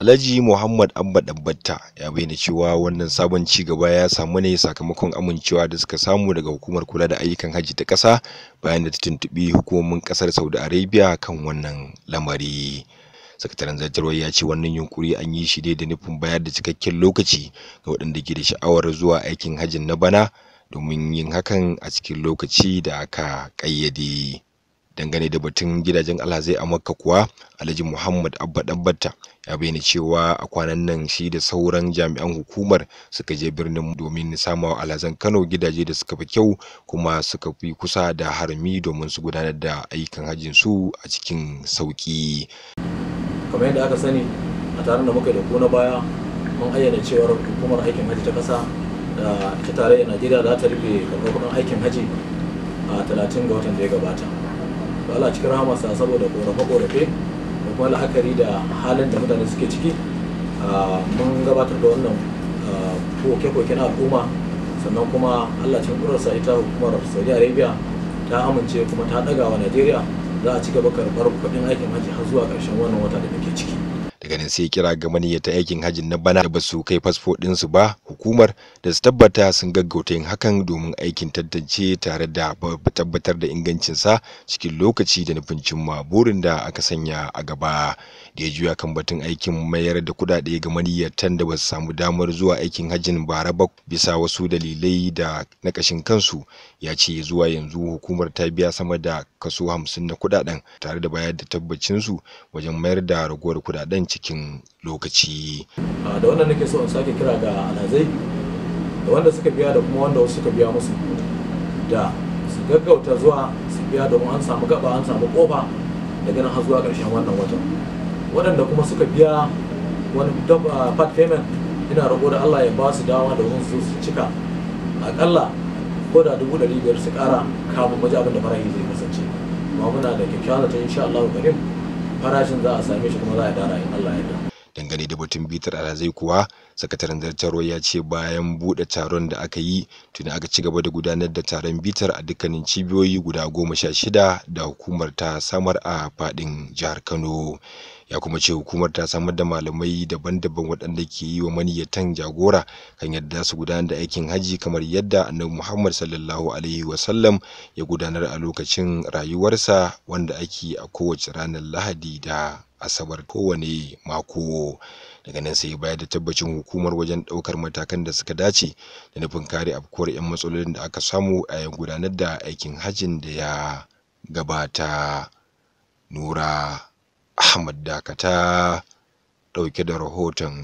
Alhaji Muhammad Abba dabbatta ya bayyana cewa wannan sabon ci gaba ya samu ne sakamakon amincewa da suka samu daga hukumar kula da ayyukan hajji ta ƙasa bayan da ta tuntuɓi hukumomin ƙasar Saudi Arabia kan wannan lamari. sakataren zartarwar ya ce wannan yunkuri an yi shi ne da nufin bayar da cikakken lokaci ga waɗanda ke da sha'awar zuwa aikin hajjin na bana domin yin hakan a cikin lokaci da aka ƙayyade. dangane da batun gidajen alhazai a makka kuwa alhaji muhammad abba dabbata ya bayyana cewa a kwanan nan shi da sauran jami'an hukumar suka je birnin domin samawa alhazan kano gidaje da suka fi kyau kuma suka fi kusa da harmi domin su gudanar da aikin hajjin su a cikin sauki kamar yadda aka sani a taron da muka da na baya mun ayyana cewa hukumar aikin hajji ta kasa da ita da najeriya za ta rufe karɓar aikin hajji a 30 ga watan da ya gabata to Allah cikin sa saboda korafe-korafe da kuma la'akari da halin da mutane suke ciki ah, mun gabatar da wannan ah, koke-koke na al'umma sannan kuma Allah cikin sa ita hukumar Saudi Arabia ta amince kuma ta ɗaga wa Najeriya za a ci gaba karɓar kuɗin aikin hajji har zuwa ƙarshen wannan wata da muke ciki. ganin sai kira ga maniyyata aikin hajjin na bana da basu kai fasfo ɗinsu ba hukumar da su tabbata sun gaggauta yin hakan domin aikin tantance tare da tabbatar da ingancinsa cikin lokaci da nufin cimma burin da aka sanya a gaba da ya juya kan batun aikin mayar da kuɗaɗe ga maniyyatan da basu samu damar zuwa aikin hajjin bara ba bisa wasu dalilai da na ƙashin kansu ya ce zuwa yanzu hukumar ta biya sama da kaso hamsin na kuɗaɗen tare da bayar da tabbacinsu wajen mayar da ragowar kuɗaɗen cikin cikin lokaci ah, da wannan nake so in sake kira ga alazai da wanda suka biya da kuma wanda wasu suka biya musu da su gaggauta zuwa su biya domin an samu gaba an samu kofa daga nan har zuwa ƙarshen wannan watan waɗanda kuma suka biya wani ah, part payment ina rago da Allah ya ba su dawa da su su cika akalla ko da dubu ɗari biyar su ƙara kamun waje abin da farahi zai kasance ma muna da kyakkyawan ta insha allahu karim farashin za a same shi kuma za a dara in Allah ya yarda dangane da batun bitar alhazai kuwa sakataren zartarwa ya ce bayan buɗe taron da aka yi tuni aka ci gaba da gudanar da taron bitar a dukkanin cibiyoyi guda goma sha shida da hukumar ta samar a faɗin jihar kano ya kuma ce hukumar ta samar da malamai daban-daban waɗanda ke yi wa maniyyatan jagora kan yadda su gudanar da aikin haji kamar yadda annabi muhammad sallallahu alaihi wasallam ya gudanar a lokacin rayuwarsa wanda ake a kowace ranar lahadi da asabar kowane mako daga nan sai bayar da tabbacin hukumar wajen daukar matakan da suka dace da nufin kare afkuwar 'yan matsalolin da aka samu a yayin gudanar da aikin hajjin da ya gabata nura Ahmad Dakata ɗauke da rahoton.